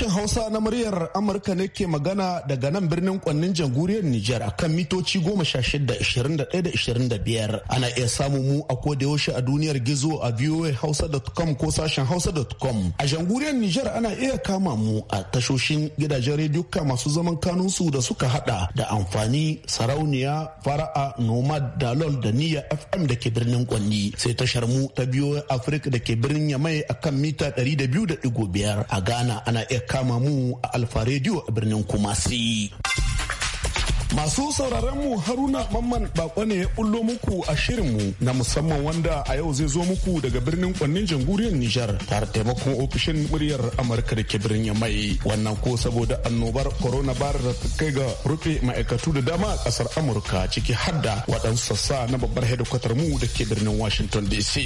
Sashen Hausa na muryar Amurka ne ke magana daga nan birnin kwannin jamhuriyar Nijar a kan mitoci goma sha shida ishirin da ɗaya da ishirin da biyar. Ana iya samun mu a da yaushe a duniyar gizo a voahausa.com ko sashen hausa.com. A jamhuriyar Nijar ana iya kama mu a tashoshin gidajen rediyoka masu zaman kanunsu da suka hada da amfani sarauniya fara'a nomad dalol da niyya fm da ke birnin kwanni sai tashar mu ta biyo afirka da ke birnin yamai akan mita 200.5 a ghana ana iya kama mu a Alfa Radio a birnin Kumasi. Masu sauraron mu Haruna Mamman Bako ne ya bullo muku a shirinmu na musamman wanda a yau zai zo muku daga birnin kwannin jamhuriyar Nijar tare taimakon ofishin muryar Amurka da ke birnin mai wannan ko saboda annobar coronavirus da ta kai ga rufe ma'aikatu da dama a kasar Amurka ciki hadda waɗansu sassa na babbar hedikwatar mu da ke birnin Washington DC.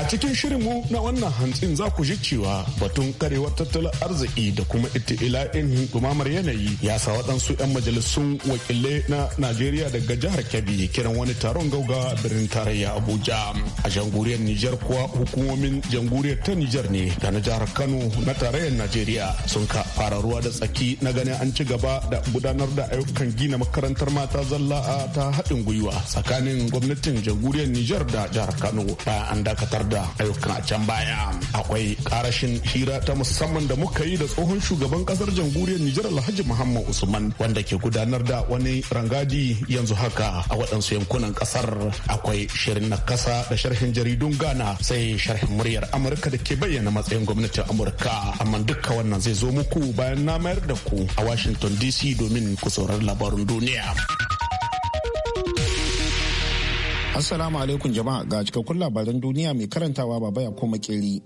A cikin shirinmu na wannan hantsin za ku ji cewa batun karewar tattalin arziki da kuma ita ila'in dumamar yanayi ya sa waɗansu 'yan majalisun wakilai wakilai na najeriya daga jihar kebbi kiran wani taron gauga birnin tarayya abuja a jamhuriyar nijar kuwa hukumomin jamhuriyar ta nijar ne da na jihar kano na tarayyar najeriya sun ka fara ruwa da tsaki na gani an ci gaba da gudanar da ayyukan gina makarantar mata zalla a ta haɗin gwiwa tsakanin gwamnatin jamhuriyar Nijar da jihar Kano bayan an dakatar da ayyukan a can baya. Akwai karashin hira ta musamman da muka yi da tsohon shugaban kasar jamhuriyar Nijar Alhaji Muhammad Usman wanda ke gudanar da wani rangadi yanzu haka a waɗansu yankunan kasar akwai shirin na kasa da sharhin jaridun Ghana sai sharhin muryar Amurka da ke bayyana matsayin gwamnatin Amurka amma dukka wannan zai zo muku bayan na mayar da ku a Washington DC domin ku saurari labarin duniya. Assalamu alaikum jama'a ga cikakkun labaran duniya mai karantawa baba ya koma kiri.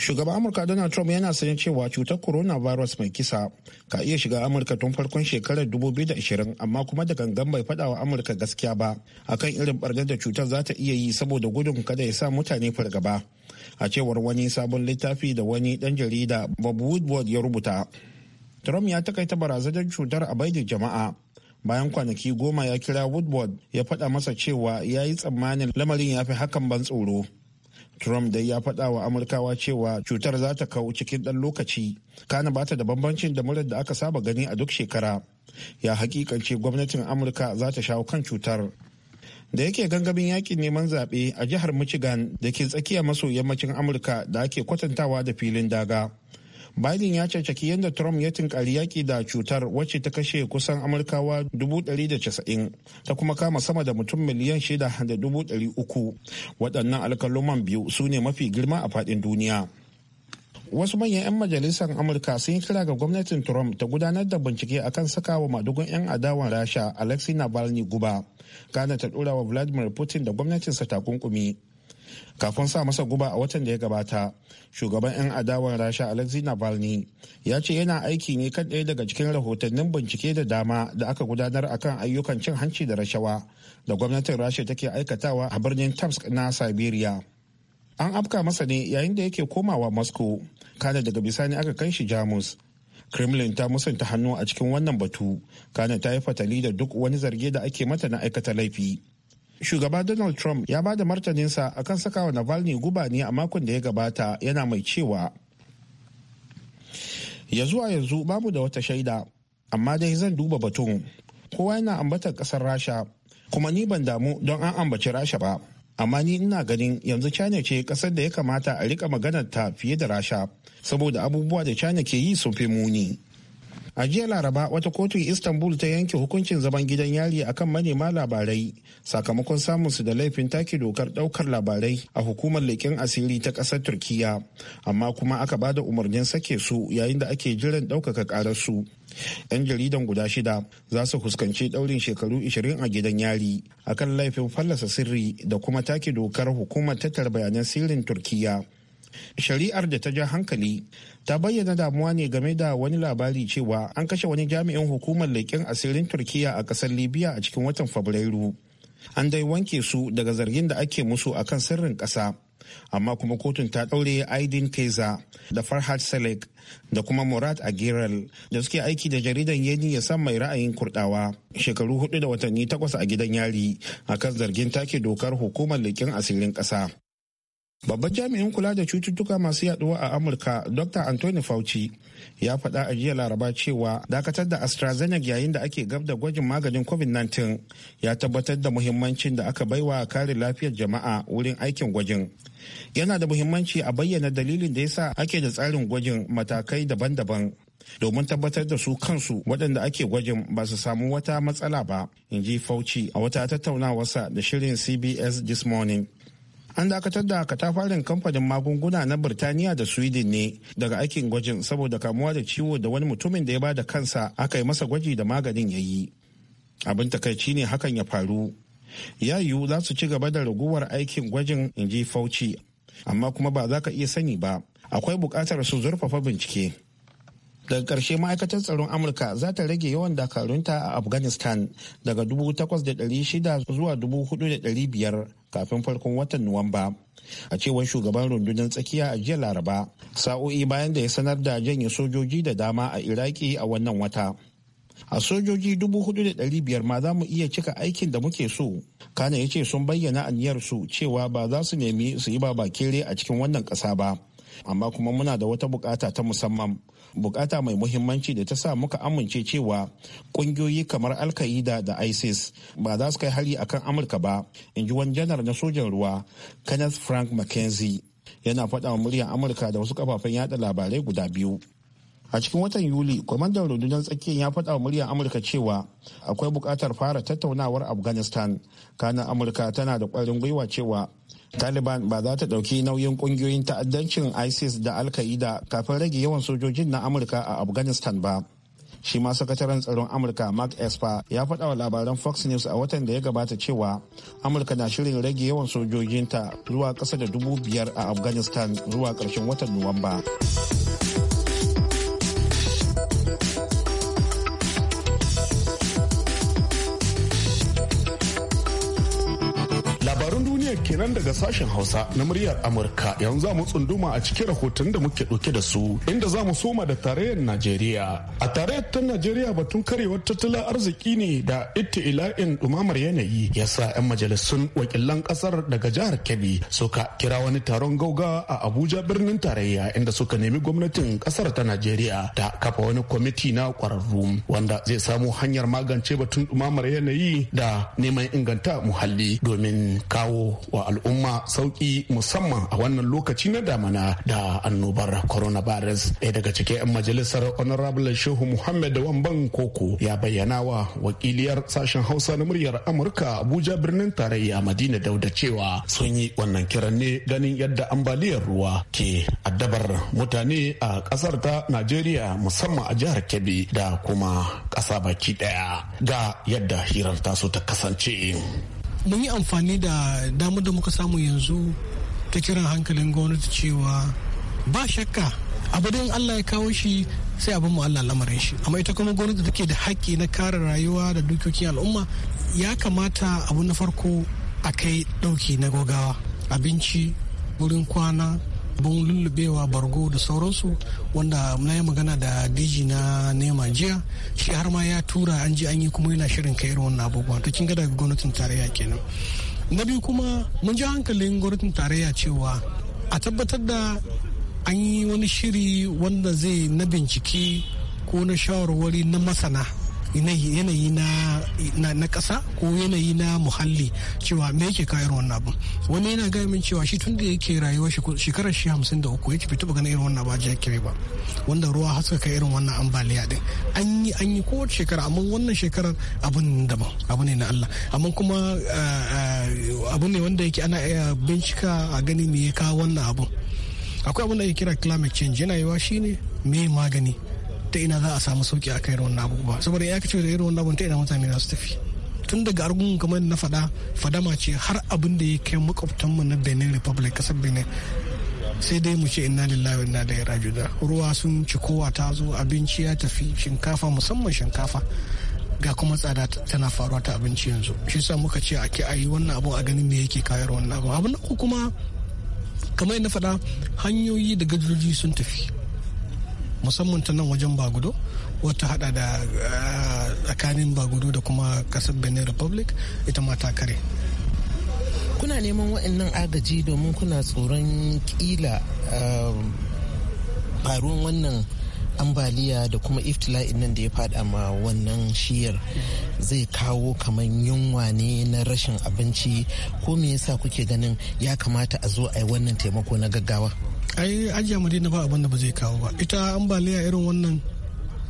shugaban amurka donald trump yana sayan cewa cutar coronavirus mai kisa ka iya shiga amurka tun farkon shekarar 2020 amma kuma da gangan bai faɗa wa amurka gaskiya ba akan irin bargar da cutar za ta iya yi saboda gudun kada ya sa mutane fargaba a cewar wani sabon littafi da wani dan jarida bob woodward ya rubuta trump ya takaita barazanar cutar a baidin jama'a bayan kwanaki goma ya kira woodward ya faɗa masa cewa ya yi tsammanin lamarin ya fi hakan ban tsoro Trump dai ya faɗa wa Amurkawa cewa cutar za ta kawo cikin ɗan lokaci, kana bata da bambancin da murar da aka saba gani a duk shekara. Ya hakikance gwamnatin Amurka za ta shawo kan cutar. Da yake gangamin yakin neman zaɓe a jihar Michigan da ke tsakiya maso yammacin Amurka da ake kwatantawa da filin daga. Biden ya caccaki yadda Trump ya tunkari yaƙi da cutar wacce ta kashe kusan Amurkawa 190 ta kuma kama sama da mutum miliyan 6.300. Waɗannan alkaluman biyu su ne mafi girma a faɗin duniya. Wasu manyan 'yan majalisar Amurka sun yi kira ga gwamnatin Trump ta gudanar da bincike akan sakawa madugun 'yan adawan Rasha Alexei Navalny guba. ghana ta ɗora wa Vladimir Putin da gwamnatinsa takunkumi. kafin sa masa guba a watan da ya gabata shugaban 'yan adawar rasha alexei navalny ya ce yana aiki ne kan ɗaya daga cikin rahotannin bincike da dama da aka gudanar akan ayyukan cin hanci da rashawa da gwamnatin rasha take aikatawa a birnin tamsk na siberia an afka masa ne yayin da yake komawa moscow kana daga bisani aka kai shi jamus kremlin ta musanta hannu a cikin wannan batu kana ta yi fatali da duk wani zarge da ake mata na aikata laifi shugaba donald trump ya ba da martaninsa akan sakawa navalny guba ne a makon da ya gabata yana mai cewa ya zuwa yanzu babu da wata shaida amma dai zan duba batun kowa yana ambatar kasar rasha kuma ni ban damu don an ambaci rasha ba amma ni ina ganin yanzu china ce kasar da ya kamata a rika maganar ta fiye da rasha saboda abubuwa da china ke yi sun fi muni a jiya laraba wata kotu istanbul ta yanke hukuncin zaman gidan yari akan manema labarai sakamakon samunsu da laifin take dokar daukar labarai a hukumar leƙen asiri ta ƙasar turkiya amma kuma aka ba da umarnin sake su yayin da ake jiran ɗaukaka ƙarar su yan jaridan guda shida za su fuskanci ɗaurin shekaru 20 a gidan yari akan laifin fallasa sirri da kuma take dokar hukumar tattara bayanan sirrin turkiya shari'ar da ta ja hankali ta bayyana damuwa ne game da wani labari cewa an kashe wani jami'in hukumar leƙen asirin turkiya a ƙasar libya a cikin watan fabrairu an dai wanke su daga zargin da ake musu akan sirrin ƙasa amma kuma kotun ta ɗaure aidin keza da Farhad selek da kuma murad agiral da suke aiki da jaridan yeni ya san mai ra'ayin kurɗawa. shekaru hudu da watanni takwas a gidan yari akan zargin take dokar hukumar leƙen asirin ƙasa Babban jami'in kula da cututtuka masu yaduwa a Amurka, Dr. Anthony Fauci, ya faɗa a jiya Laraba cewa dakatar da AstraZeneca yayin da ake gab da gwajin maganin COVID-19 ya tabbatar da muhimmancin da aka baiwa kare lafiyar jama'a wurin aikin gwajin. Yana da muhimmanci a bayyana dalilin da yasa ake da tsarin gwajin matakai daban-daban domin tabbatar da su kansu waɗanda ake gwajin ba su samu wata matsala ba, in ji Fauci a wata tattaunawarsa da shirin CBS This Morning. an dakatar da katafaren kamfanin magunguna na birtaniya da sweden ne daga aikin gwajin saboda kamuwa da ciwo da wani mutumin da ya bada kansa aka yi masa gwaji da maganin ya yi abin takaici ne hakan ya faru ya yiwu za su ci gaba da raguwar aikin gwajin in ji fauci amma kuma ba za ka iya sani ba akwai buƙatar su zurfafa bincike daga ƙarshe ma'aikatar tsaron amurka za ta rage yawan dakarunta a afghanistan daga 8,600 zuwa 4,500 kafin farkon watan Nuwamba. A cewar shugaban rundunar tsakiya a jiya Laraba, sa'o'i bayan da ya sanar da janye sojoji da dama a Iraki a wannan wata. a sojoji dubu hudu da ɗari biyar ma za mu iya cika aikin da muke so kana ya ce sun bayyana aniyarsu cewa ba za su nemi su yi ba kere a cikin wannan ƙasa ba amma kuma muna da wata bukata ta musamman bukata mai muhimmanci da ta sa muka amince cewa kungiyoyi kamar alka'ida da isis ba za su kai hari kan amurka ba in ji wani janar na sojan ruwa kenneth frank mckenzie yana faɗa wa muryar amurka da wasu kafafen yada labarai guda biyu a cikin watan yuli kwamandan rundunar tsakiyar ya faɗa wa muryar amurka cewa akwai buƙatar fara tattaunawar afghanistan kanan amurka tana da ƙwarin gwiwa cewa taliban ba za ta ɗauki nauyin ƙungiyoyin ta'addancin isis da alka'ida kafin rage yawan sojojin na amurka a afghanistan ba shi ma sakataren tsaron amurka mark esper ya faɗa wa labaran fox news a watan da ya gabata cewa amurka na shirin rage yawan sojojinta zuwa ƙasa da dubu biyar a afghanistan zuwa ƙarshen watan nuwamba. kenan daga sashen Hausa na muryar Amurka yanzu za mu tsunduma a cikin rahoton da muke ɗauke da su inda za mu soma da tarayyar Najeriya. A tarayyar ta Najeriya batun karewar tattalin arziki ne da ita in dumamar yanayi ya sa 'yan majalisun wakilan ƙasar daga jihar Kebbi suka kira wani taron gauga a Abuja birnin tarayya inda suka nemi gwamnatin ƙasar ta Najeriya ta kafa wani kwamiti na kwararru wanda zai samu hanyar magance batun ɗumamar yanayi da neman inganta muhalli domin kawo wa al'umma sauki musamman a wannan lokaci na damana da annobar coronavirus ɗaya daga cikin 'yan majalisar honorable shehu muhammad wamban koko ya bayyana wa wakiliyar sashen hausa na muryar amurka abuja birnin tarayya madina dauda cewa sun yi wannan kiran ne ganin yadda ambaliyar ruwa ke addabar mutane a ƙasar ta najeriya musamman a jihar kebbi da kuma ƙasa baki ɗaya ga yadda hirar taso ta kasance mun yi amfani da damar da muka samu yanzu ta kiran hankalin gwamnati cewa ba shakka abadin allah ya kawo shi sai abin mu allah lamarin shi amma ita kuma gwamnati take da haƙƙi na kare rayuwa da dukiyoyin al'umma ya kamata abu na farko a kai ɗauki na gogawa abinci wurin kwana bun lullubewa bargo da sauransu wanda na yi magana da diji na nema jiya shi har ma ya tura an ji an yi kuma yana shirin kai irin wannan abubuwa to kin ga daga gwamnatin tarayya kenan na biyu kuma mun ji hankalin gwamnatin tarayya cewa a tabbatar da an yi wani shiri wanda zai na bincike ko na shawarwari na masana yanayi na ƙasa ko yanayi na muhalli cewa me yake ka irin wannan abin wani yana gaya min cewa shi tun da yake rayuwa shekarar shi hamsin da uku yake fito ba ganin irin wannan ba jiya ba wanda ruwa haska kai irin wannan ambaliya din an yi an yi kowace shekara amma wannan shekarar abun daban abu ne na Allah amma kuma eh, eh, abu ne wanda yake ana iya bincika a gani me ya kawo wannan abun akwai abin da ake kira climate change yana shi shine me magani ta ina za a samu sauki a kai irin wannan abubuwa saboda ya kace da irin wannan abun ta ina mutane za su tafi tun daga argungun kamar na fada fadama ce har abin da ya kai mu na benin republic kasar benin sai dai mu ce inna lillahi wa inna ilaihi raji'un ruwa sun ci kowa ta zo abinci ya tafi shinkafa musamman shinkafa ga kuma tsada tana faruwa ta abinci yanzu shi sa muka ce a ke ayi wannan abu a ganin me yake kayan wannan abun abin ko kuma kamar na fada hanyoyi da gajoji sun tafi musamman ta nan wajen bagudo wata hada da ah, tsakanin bagudo da kuma kasar benin republic ita ma ta kare kuna neman waɗannan agaji domin kuna tsoron kila ah, faruwan wannan ambaliya da kuma iftila'in nan da ya faɗa ma wannan shiyar zai kawo kamar yunwa ne na rashin abinci ko me yasa kuke ganin ya kamata a zo a yi wannan taimako na gaggawa ai ajiya madina ba abin da ba zai kawo ba ita ambaliya irin wannan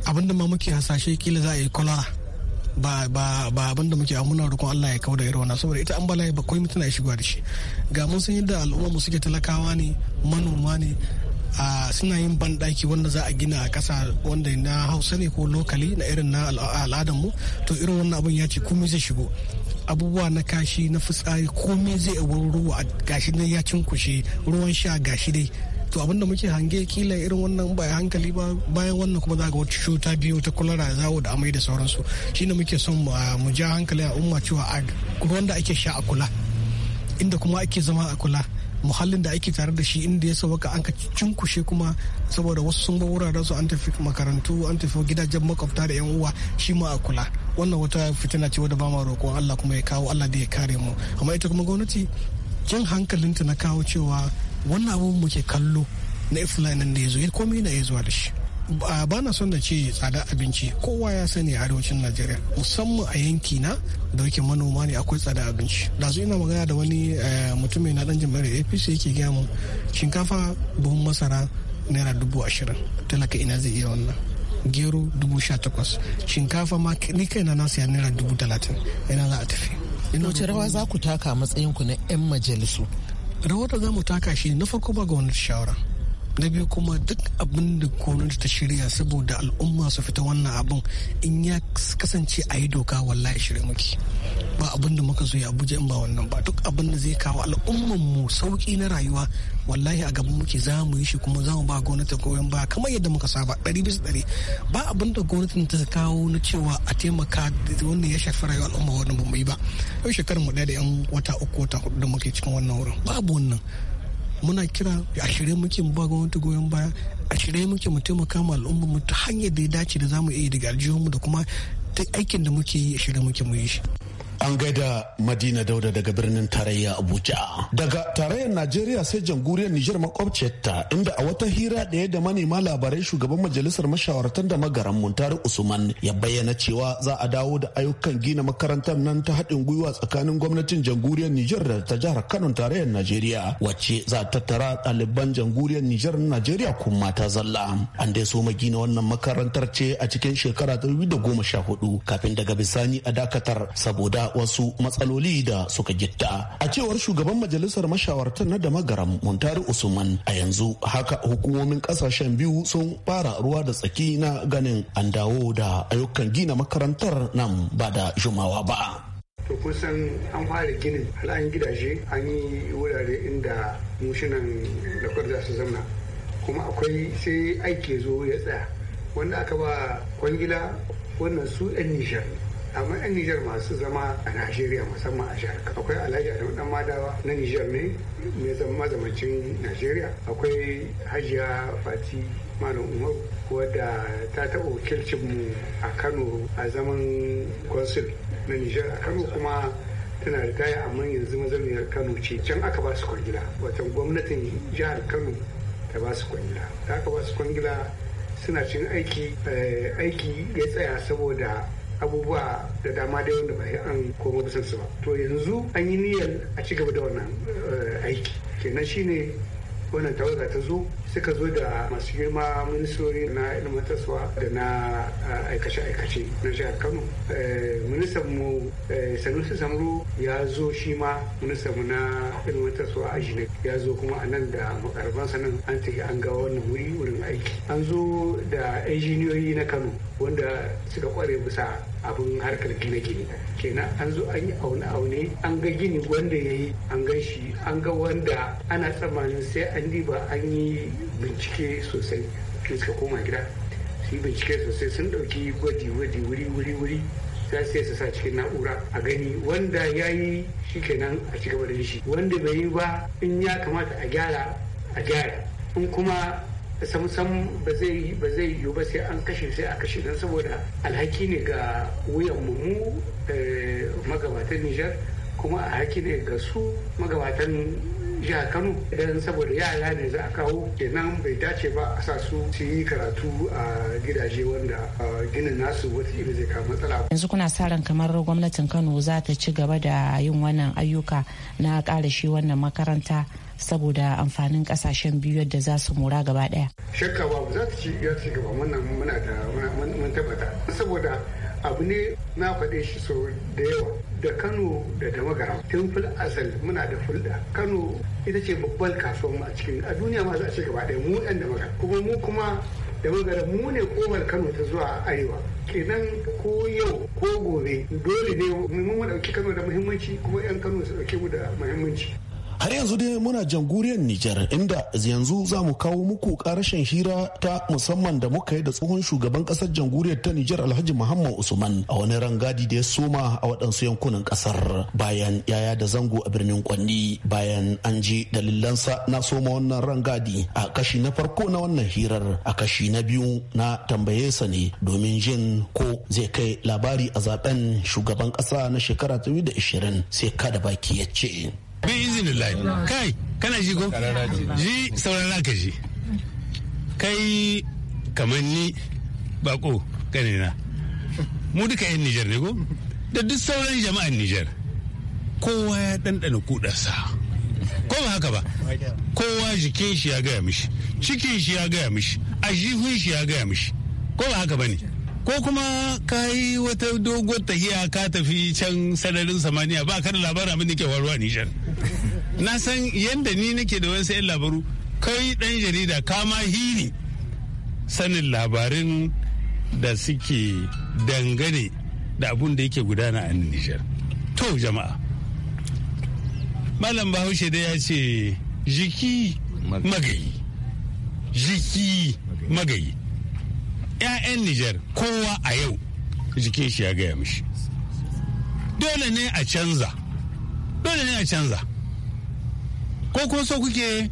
abin da ma muke hasashe kila za a yi kwalara ba ba ba abin da muke amuna rukun Allah ya kawo da irin wannan saboda ita ambaliya ba mutuna ya shigowa da shi ga mun san yadda al'umma mu suke talakawa ne manoma ne a suna yin banɗaki wanda za a gina a ƙasa wanda na hausa ne ko lokali na irin na mu to irin wannan abin ya ce komai zai shigo abubuwa na kashi na fitsari komai zai a wurin ruwa gashi nan ya cinkushe ruwan sha gashi dai to abin da muke hange kila irin wannan ba hankali ba bayan wannan kuma za ga wata cuta biyu ta kulara zawo da amai da sauransu ne muke son mu ja hankali a umma cewa a ruwan da ake sha a kula inda kuma ake zama a kula muhallin da ake tare da shi inda ya sauka an ka cinkushe kuma saboda wasu sun ba wuraren su an tafi makarantu an tafi gidajen makwabta da yan uwa shi ma a kula wannan wata fitina ce wadda ba ma roƙon Allah kuma ya kawo Allah da ya kare mu amma ita kuma gwamnati jin hankalinta na kawo cewa wannan abubuwan muke kallo na ifla nan da ya zo ya komai na ya zuwa da shi ba na son da ce tsada abinci kowa ya sani a arewacin najeriya musamman a yanki na da yake manoma ne akwai tsada abinci da su ina magana da wani eh, mutum na dan jam'iyyar apc yake gaya mu shinkafa buhun masara naira dubu ashirin talaka ina zai iya wannan gero dubu sha takwas shinkafa ma ni kai na ya naira dubu talatin ina za a tafi wace rawa za ku taka matsayin ku na 'yan majalisu rahoton da za mu taka shi na farko ba ga wani shawara na biyu kuma duk abin da gwamnati ta shirya saboda al'umma su fita wannan abin in ya kasance a yi doka wallahi shirya muke ba abin da muka zo ya abuja in ba wannan ba duk abin da zai kawo al'umman mu sauki na rayuwa wallahi a gaban muke za mu yi shi kuma za mu ba gwamnati goyon ba kamar yadda muka saba ɗari bisa ɗari ba abin da gwamnati ta kawo na cewa a taimaka wanda ya shafi rayuwar al'umma wannan ba mu yi ba yau shekarar mu ɗaya da yan wata uku wata hudu da muke cikin wannan wurin babu wannan muna kira a shirye muke mu ba gwamnati goyon baya a shirye muke mu taimaka ma al'umma mu ta hanyar da ya dace da zamu iya daga aljihunmu da kuma ta aikin da muke yi a shirye muke mu yi shi An gaida Madina Dauda daga birnin tarayya Abuja. Daga tarayyar Najeriya sai jamhuriyar Nijar makwabciyarta inda a wata hira ɗaya da manema labarai shugaban majalisar mashawartan da magaran Muntari Usman ya bayyana cewa za a dawo da ayyukan gina makarantar nan ta haɗin gwiwa tsakanin gwamnatin jamhuriyar Nijar da ta jihar Kano tarayyar Najeriya wacce za ta tattara ɗaliban jamhuriyar Nijar Najeriya kuma mata zalla. An dai so gina wannan makarantar ce a cikin shekara ta 2014 kafin daga bisani a dakatar saboda wasu matsaloli da suka gitta a cewar shugaban majalisar mashawartan na damagaram muntari usman a yanzu haka hukumomin kasashen biyu sun fara ruwa da tsaki na ganin an dawo da ayyukan gina makarantar nan ba da jumawa ba to kun san an fara ginin al'an gidaje an yi wurare inda mushinan lakwar za su zamna kuma akwai sai aiki zo ya tsaya wanda aka ba kwangila wannan su 'yan nishar amma yan nijar masu zama a najeriya musamman a jihar akwai alhaji adamu dan madawa na nijar ne mai zama zamancin najeriya akwai hajiya fati malam Umar. wadda ta taɓa mu a kano a zaman consul na nijar a kano kuma tana ritaya amma yanzu mazauniyar kano ce can aka ba su kwangila watan gwamnatin jihar kano ta ba su kwangila ta aka ba su kwangila suna cin aiki eh, aiki ya tsaya saboda abubuwa da dama dai wanda ba an koma da sansu ba to yanzu an yi niyyar a ci gaba da wannan eh, aiki kenan shine wannan tawaga ta zo suka zo da masu girma ministori na ilmantarwa da na eh, aikace-aikace na jihar kano eh, ministan mu sanusi samro ya zo shi ma ministan mu na ilmantarwa ajinak ya zo kuma a nan da makarban sanan an ta an ga wannan wuri wurin aiki an zo da injiniyoyi na kano wanda suka kware bisa abin harkar gine-gine kenan an zo an yi aune-aune an ga gini wanda ya yi an ga shi an ga wanda ana tsammanin sai an diba an yi bincike sosai suka koma gida su yi bincike sosai sun ɗauki gwaji-gwaji wuri-wuri-wuri za su su sa cikin na'ura a gani wanda ya yi shi kenan a cigaba da shi wanda bai yi ba in ya kamata a gyara a gyara in kuma sam sam ba zai ba zai yiwu ba sai an kashe sai a kashe don saboda alhaki ne ga wuyan mu eh, magabatan Nijar kuma alhaki ne ga su magabatan jihar Kano don saboda yara ne za a kawo kenan bai dace ba a sa su su yi karatu a gidaje wanda ginin nasu wataƙila zai kawo matsala. Yanzu kuna sa ran kamar gwamnatin Kano za ta ci gaba da yin wannan ayyuka na ƙara wannan makaranta saboda amfanin kasashen biyu yadda za su mora gaba daya shakka ba za ta ci ya ci gaba wannan muna da mun tabbata saboda abu ne na faɗe shi so da yawa da kano da damagara tun fil asal muna da fulda kano ita ce babbar kasuwar a cikin a duniya ma za a ci gaba daya mu ɗan damagara kuma mu kuma damagara mu ne komar kano ta zuwa arewa kenan ko yau ko gobe dole ne mu mu ɗauki kano da muhimmanci kuma 'yan kano su ɗauke mu da muhimmanci har yanzu dai muna janguriyar Nijar inda yanzu za mu kawo muku karashen hira ta musamman da muka yi da tsohon shugaban kasar janguriyar ta Nijar Alhaji Muhammad Usman a wani rangadi da ya soma a waɗansu yankunan kasar bayan yaya da zango a birnin Kwanni bayan an je dalilansa na soma wannan rangadi a kashi na farko na wannan hirar a kashi na biyu na tambaye sa ne domin jin ko zai kai labari a zaben shugaban kasa na shekara 2020 sai kada baki ya ce. bi izinillahi kai kana ji ko ji saurara ka ji kai kamar ni bako na mu duka yan nijar ne ko da duk sauran jama'an nijar kowa ya ɗanɗana kudarsa ko ba haka ba kowa jikin shi ya gaya mishi cikin shi ya gaya mishi a shi ya gaya mishi ko ba haka ba ne ko kuma ka yi wata doguwar tahiya ka tafi can sararin samaniya ba ka da labarin abin da ke faruwa Nijar. Na san yadda ni nake da wani sayan labaru kai dan jarida kama hini sanin labarin da suke dangane da abun da yake gudana a Nijar. To jama'a. Malam Bahaushe da ya ce jiki magayi. Jiki magayi. 'ya'yan Nijar kowa a yau jikin shi ya gaya mishi. Dole ne a canza. Dole ne a canza. Ko kuma so kuke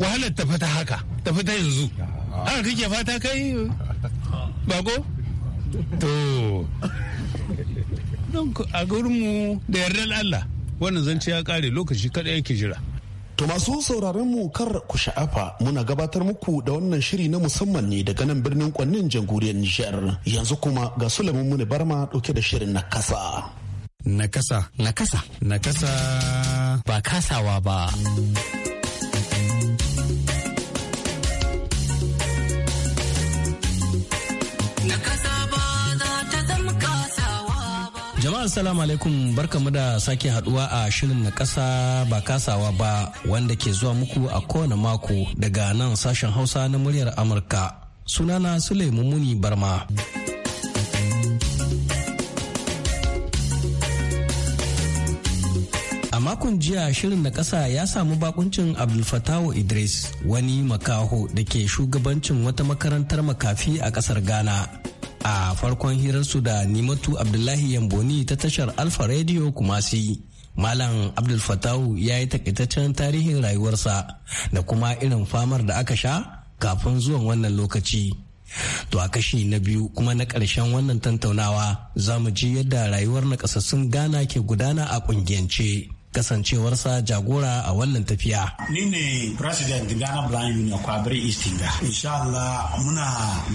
wahalar tafi ta haka, tafi ta yanzu. Haka kake fata kai bako? To, don a gurinmu da yardar Allah, wannan zance ya kare lokaci kaɗai yake jira. To masu sauraron mu kar ku sha'afa muna gabatar muku da wannan shiri na musamman ne daga nan birnin kwannin jamhuriyar Nijar. Yanzu kuma ga Sulaiman Muni Barma dauke da shirin na kasa. Na kasa. Na kasa. Na kasa. Ba kasawa ba. Jama'a assalamu alaikum barkamu da sake haduwa a shirin na kasa ba kasawa ba wanda ke zuwa muku a kowane mako daga nan sashen Hausa na muryar Amurka. Sunana Suleiman Muni Barma. makon jiya shirin na kasa ya samu bakuncin abdulfatawo idris wani makaho da ke shugabancin wata makarantar makafi a kasar ghana a farkon hirarsu da nimatu abdullahi yamboni ta tashar alfa radio kumasi malam abdul fatahu ya yi takaitaccen tarihin rayuwarsa da kuma irin famar da aka sha kafin zuwan wannan lokaci to a kashi na biyu kuma na ƙarshen wannan tantaunawa za mu ji yadda rayuwar na ƙasassun ghana ke gudana a ƙungiyance kasancewarsa jagora a wannan tafiya. Ni ne President Ghana Blind Union Kwabiri Istinga. Insha Allah muna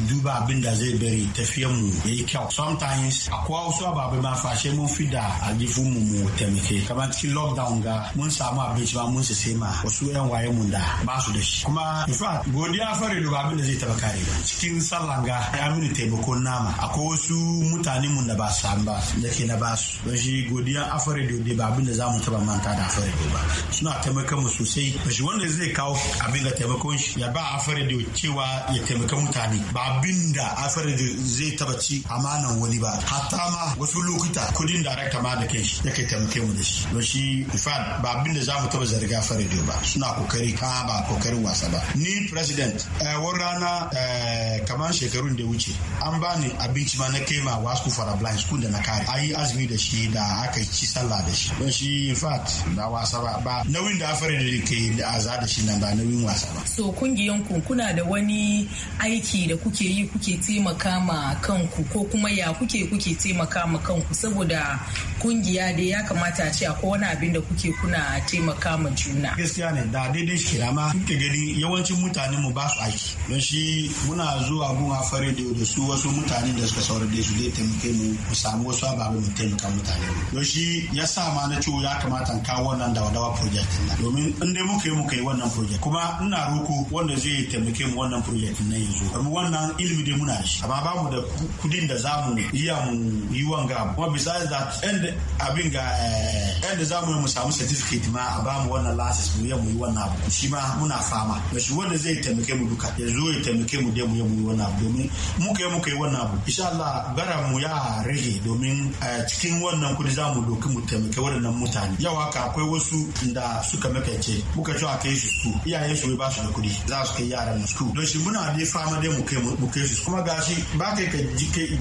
duba abin da zai bari mu ya yi kyau. Sometimes akwai wasu ababai ma fashe mun fi da gifin mu mu taimake. Kamar cikin lockdown ga mun samu abinci ma mun sai ma wasu yan waye mun da ba su da shi. Kuma in fact godiya fare da abin da zai taba kare ba. Cikin sallan ga ya mini taimakon nama. Akwai wasu mutane mun da ba su ba da ke na ba su. Don shi godiya afare da ba abin da za mu taba manta da afirka ba suna taimaka mu sosai shi wanda zai kawo abin da taimakon shi ya ba afirka cewa ya taimaka mutane ba abin da afirka zai taba ci amanan wani ba hatta ma wasu lokuta kudin darakta ma da kai shi yake taimake mu da shi don shi ifan ba abin da za mu taba zarga afirka ba suna kokari ka ba kokarin wasa ba ni president eh, wani rana eh, kamar shekarun da wuce an bani abinci ma na ma wasu fara blind school da na kare ayi azumi da shi da aka ci sallah da shi don shi ifan safat ba wasa ba ba nauyin da afirin da ke da aza da shi nan ba nauyin wasa ba. so kungiyan ku kuna da wani aiki da kuke yi kuke taimaka ma kanku ko kuma ya kuke kuke taimaka ma kanku saboda kungiya da ya kamata a ce akwai wani abin da kuke kuna taimaka ma juna. gaskiya ne da daidai shi ma kuke gani yawancin mutanen mu ba su aiki don shi muna zuwa gun afirin da su wasu mutane da suka saurari da su zai taimake mu mu samu wasu ababen mu taimaka mutane. don shi ya sa ma na ciwo ya kamata akan kawo wannan da wadawa project nan domin in dai muka yi muka yi wannan project kuma ina roko wanda zai taimake mu wannan project nan yanzu kuma wannan ilimi dai muna da shi amma ba mu da kudin da zamu iya mu yi wanga kuma besides that end abin ga end eh, zamu mu samu certificate ma a ba mu wannan license mu yi mu yi wannan abu shi ma muna fama da shi wanda zai taimake mu duka ya zo ya taimake mu dai mu yi mu yi wannan abu domin muka yi muka yi wannan abu insha Allah gara mu ya rage domin eh, cikin wannan kudi zamu doki mu taimake waɗannan mutane yau kawaka ka akwai wasu da suka makance muka ce a kai su su iyayen su ba su da kuɗi za su kai yaran mu su don shi muna dai fama dai mu kai mu su kuma gashi ba kai ka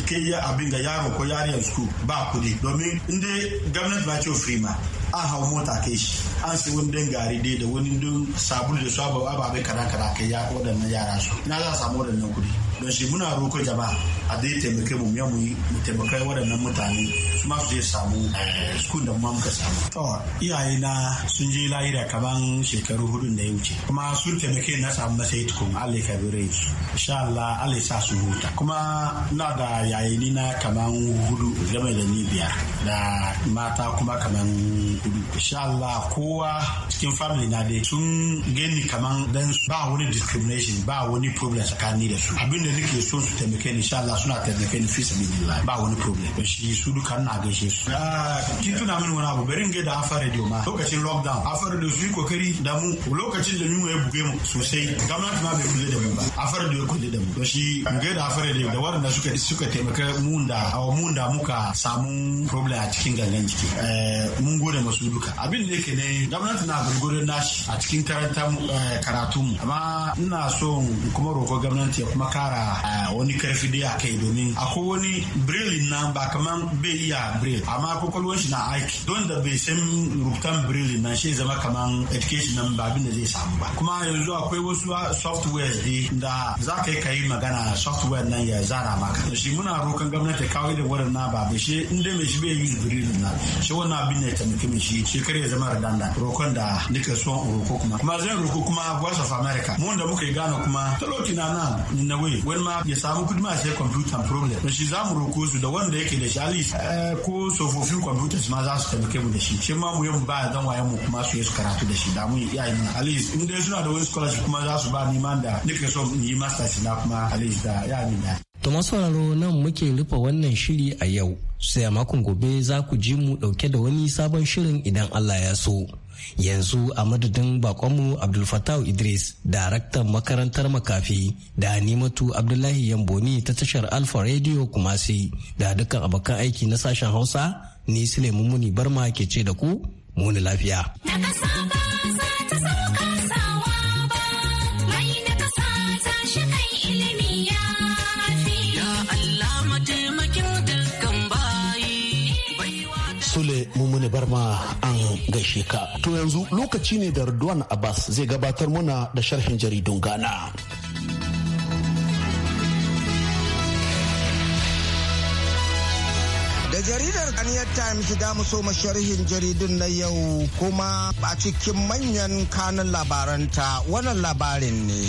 kai abin da yaro ko yariyar su ba kuɗi domin in dai gwamnati ba ce free ma an hau mota kai shi an sai wani dan gari dai da wani dan sabulu da sabo ababai kada kada kai ya waɗannan yara su na za a samu waɗannan kuɗi don shi muna roko jama'a a dai taimake mu ya mu taimakai waɗannan mutane su ma su je samu eh, sukun da ma muka samu. To iyaye na sun je lahira kaman shekaru hudu da ya wuce kuma sun taimake na samu masai tukun Allah ya su insha Allah Allah sa su huta kuma na da yayini na kaman hudu game da ni biyar da mata kuma kaman hudu insha Allah kowa cikin family na dai sun gani kaman dan ba wani discrimination ba wani problem tsakani da su abinda nake so su taimake ni insha Allah suna tallafe ni fi sabilillah ba wani problem shi su duka na gaishe su ah, kin tuna mini wani abu bari in da afa radio ma lokacin lockdown afa radio su yi kokari da mu lokacin da nuna ya buge mu sosai gwamnati ma bai kula da mu ba afa radio ya kula da mu to shi mu da afa radio da waɗanda suka suka taimaka mun da awa mun da muka samu problem a cikin gangan jiki eh, mun gode masu duka abin da yake ne gwamnati na gurgurin nashi a cikin eh, karatun mu amma ina so kuma roko gwamnati ya kuma kara eh, wani karfi da aka yi domin akwai wani brilin na ba kaman bai iya bril amma kwakwalwar shi na aiki don da bai san rubutan brilin na shi zama kaman education nan ba abin da zai samu ba kuma yanzu akwai wasu software da za ka yi ka yi magana software nan ya zara maka to shi muna rokan gwamnati kawai da wurin na ba bai shi inda mai shi bai use brilin na shi wannan abin ne ta mutumin shi shi kare ya zama redundant rokon da nika son roko kuma kuma zan roko kuma voice of america mun da muka yi gana kuma talauci na nan ne wai wani ma ya samu kudi ma sai computer problem da shi za mu roko su da wanda yake da shi alis eh, ko tsofaffin kwamfuta ma za su taimake mu da shi shi ma mu yi mu ba dan wayan mu kuma su yi karatu da shi da mu iya yin alis in dai suna da wani scholarship kuma za su ba ni man da nake so in yi master shi na kuma alis da ya ni da to sauraro nan muke rufe wannan shiri a yau sai a makon gobe za ku ji mu dauke da wani sabon shirin idan Allah ya so yanzu a madadin bakonmu abdul fatah idris daraktan makarantar makafi da nimatu abdullahi yamboni ta tashar alfa radio kumasi da dukkan abokan aiki na sashen hausa ni sule mummuni barma ke ce da ku muni lafiya. bar ma an gaishe ka. To yanzu lokaci ne da Ridwan Abbas zai gabatar muna da sharhin jaridun gana. da jaridar Ganiyar Times da mu so sharhin jaridun na yau kuma a cikin manyan kanun labaranta wannan labarin ne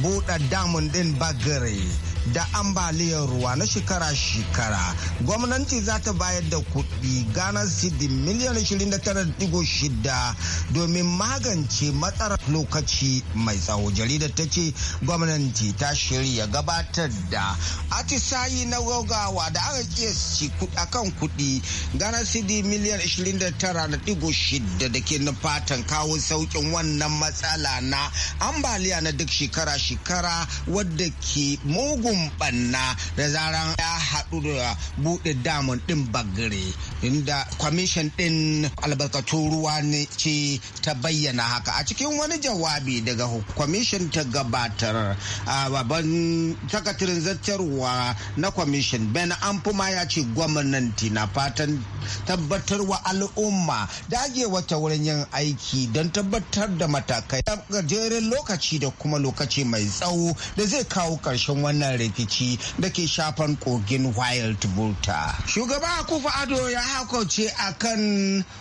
buɗa damun din bagare. da ambaliyar ruwa na shekara-shekara gwamnati za ta bayar da kuɗi ghana city miliyan 29.6 domin magance matsalar lokaci mai tsawo jarida ta ce gwamnati ta shirya gabatar da atisayi na gaugawa da aka kiyasci kan kuɗi ghana city miliyan 29.6 da ke na fatan kawo saukin wannan matsala na ambaliya na duk shekara-shekara wadda ke mugun kun banna da zaran ya haɗu da buɗe damun ɗin bagare inda kwamishin ɗin albarkatun ruwa ne ce ta bayyana haka a cikin wani jawabi daga kwamishin ta gabatar a babban takatirin zartarwa na kwamishin ben amfuma ya ce gwamnati na fatan tabbatarwa al'umma dage wata wurin yin aiki don tabbatar da matakai gajeren lokaci da kuma lokaci mai tsawo da zai kawo ƙarshen wannan rikici da ke shafan kogin wild volta shugaba kufa ado ya hakauce a kan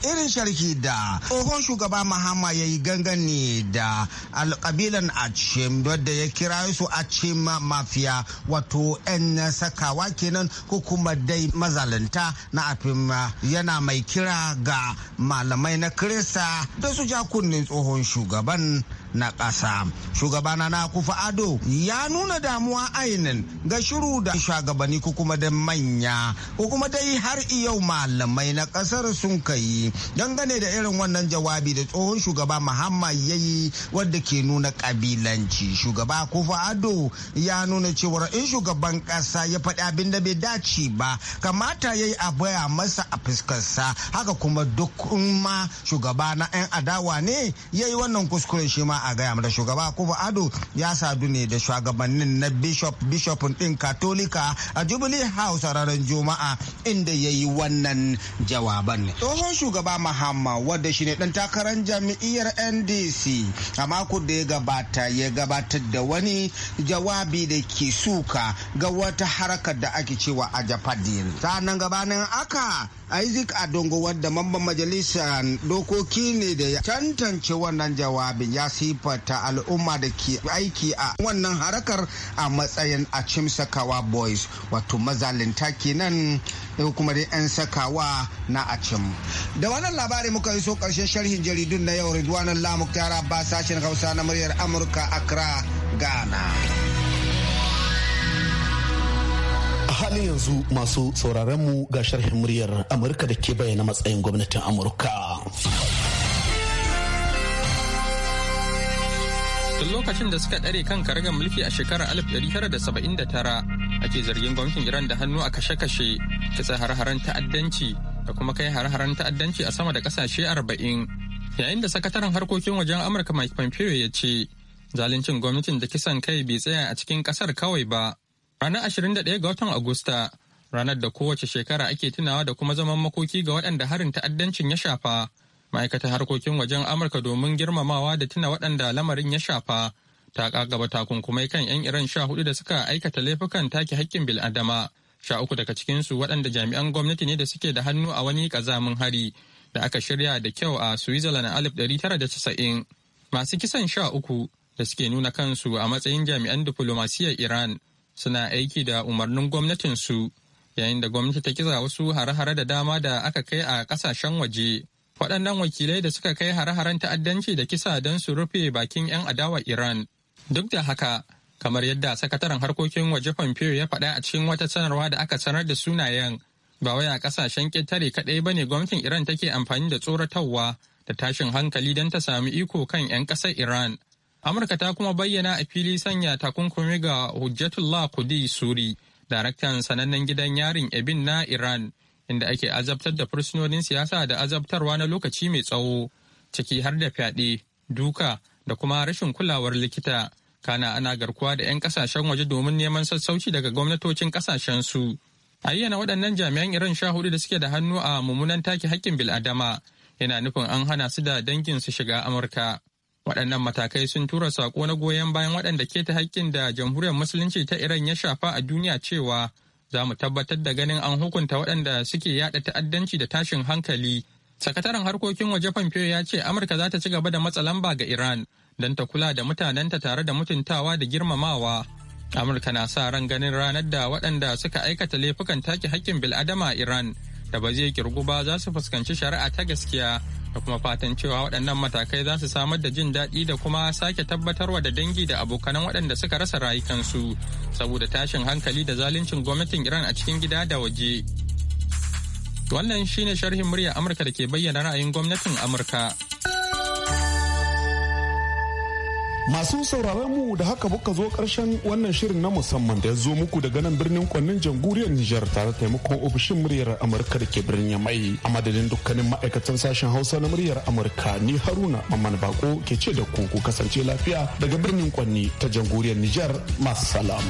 irin sharhi da tsohon shugaba mahama ya yi gangane da alkabilan achim wadda ya kira su achim mafiya wato 'yan sakawa kenan ko kuma dai mazalinta na afim yana mai kira ga malamai na kirista da su ja kunnen tsohon shugaban na ƙasa shugabana na kufa ado ya nuna damuwa ainihin bayanin ga shiru da shagabani ko kuma da manya ko kuma dai har yau malamai na kasar sun kai dangane da irin wannan jawabi da tsohon shugaba muhammad ya yi wadda ke nuna kabilanci shugaba kofa ado ya nuna cewar in shugaban kasa ya faɗi abin da bai dace ba kamata ya yi a baya masa a fuskarsa haka kuma duk ma shugaba na 'yan adawa ne ya yi wannan kuskuren shi ma a gaya da shugaba kofa ado ya sadu ne da shugabannin na bishop bishop ɗin katolika a jubilee house a ranar juma'a inda ya yi wannan jawaban tsohon shugaba mahama wadda shi ne ɗan takarar jam'iyyar ndc a mako da ya gabata ya gabatar da wani jawabi da ke suka ga wata harkar da ake cewa a japan sanan gabanin aka isaac adongo wadda mamban majalisar dokoki ne da ya tantance wannan jawabin ya sifata al'umma da ke aiki a wannan harakar a matsayin a sakawa boys wato mazalinta kenan kuma dai 'yan sakawa na acim da wannan labari muka yi so karshen sharhin jaridun na yau ridwanan lamuk tara ba sashen hausa na muryar amurka accra ghana halin yanzu masu sauraron mu ga sharhin muryar Amurka da ke bayyana matsayin gwamnatin Amurka. Tun lokacin da suka ɗare kan karagar mulki a shekarar 1979 ake zargin gwamnatin Iran da hannu a kashe-kashe, kisa har-haren ta'addanci da kuma kai har-haren ta'addanci a sama da kasashe 40. Yayin da sakataren harkokin wajen Amurka Mike Pompeo ya ce, zaluncin gwamnatin da kisan kai bai tsaya a cikin kasar kawai ba, Ranar 21 ga watan Agusta, ranar da kowace shekara ake tunawa da kuma zaman makoki ga waɗanda harin ta'addancin ya shafa. Ma'aikatar harkokin wajen Amurka domin girmamawa da tuna waɗanda lamarin ya shafa. Ta ƙagaba takunkumai kan 'yan Iran sha hudu da suka aikata laifukan take hakkin bil'adama. Sha uku daga cikinsu waɗanda jami'an gwamnati ne da suke da hannu a wani ƙazamin hari da aka shirya da kyau a Switzerland a casa'in Masu kisan sha uku da suke nuna kansu a matsayin jami'an diflomasiyyar Iran suna aiki da umarnin gwamnatin su yayin da gwamnati ta kiza wasu hare-hare da dama da aka kai a kasashen waje waɗannan wakilai da suka kai hare-haren ta'addanci da kisa don su rufe bakin 'yan adawa iran duk da haka kamar yadda sakataren harkokin waje pompeo ya faɗa a cikin wata sanarwa da aka sanar da sunayen ba wai a kasashen ƙetare kaɗai ba ne gwamnatin iran take amfani da tsoratarwa da tashin hankali don ta sami iko kan 'yan ƙasar iran Amurka ta kuma bayyana a fili sanya takunkumi ga Hujjatullah Kudi Suri, daraktan sanannen gidan yarin Ebin na Iran, inda ake azabtar da fursunonin siyasa da azabtarwa na lokaci mai tsawo, ciki har da fyaɗe, duka da kuma rashin kulawar likita. Kana ana garkuwa da 'yan kasashen waje domin neman sassauci daga gwamnatocin kasashen su. Ayyana waɗannan jami'an Iran sha hudu da suke da hannu a mummunan take hakkin bil'adama yana nufin an hana su da dangin su shiga Amurka. Waɗannan matakai sun tura saƙo na goyon bayan waɗanda ke ta haƙƙin da jamhuriyar musulunci ta Iran ya shafa a duniya cewa za mu tabbatar da ganin an hukunta waɗanda suke yaɗa ta'addanci da tashin hankali. Sakataren harkokin waje Pompeo ya ce Amurka za ta ci gaba da matsa lamba ga Iran don ta kula da mutanenta tare da mutuntawa da girmamawa. Amurka na sa ran ganin ranar da waɗanda suka aikata laifukan take haƙƙin bil'adama a Iran da ba zai kirgu ba za su fuskanci shari'a ta gaskiya da kuma fatan cewa waɗannan matakai za su samar da jin daɗi da kuma sake tabbatarwa da dangi da abokanan waɗanda suka rasa rayukansu saboda tashin hankali da zaluncin gwamnatin iran a cikin gida da waje wannan shine sharhin murya amurka da ke bayyana ra'ayin gwamnatin amurka Masu sauraron mu da haka buka zo karshen wannan shirin na musamman da ya zo muku daga nan birnin kwannin jamhuriyar Nijar tare taimakon ofishin muryar Amurka da ke birnin Yamai a madadin dukkanin ma'aikatan sashen Hausa na muryar Amurka ni Haruna Mamman Bako ke ce da ku ku kasance lafiya daga birnin kwanni ta jamhuriyar Nijar masu salam.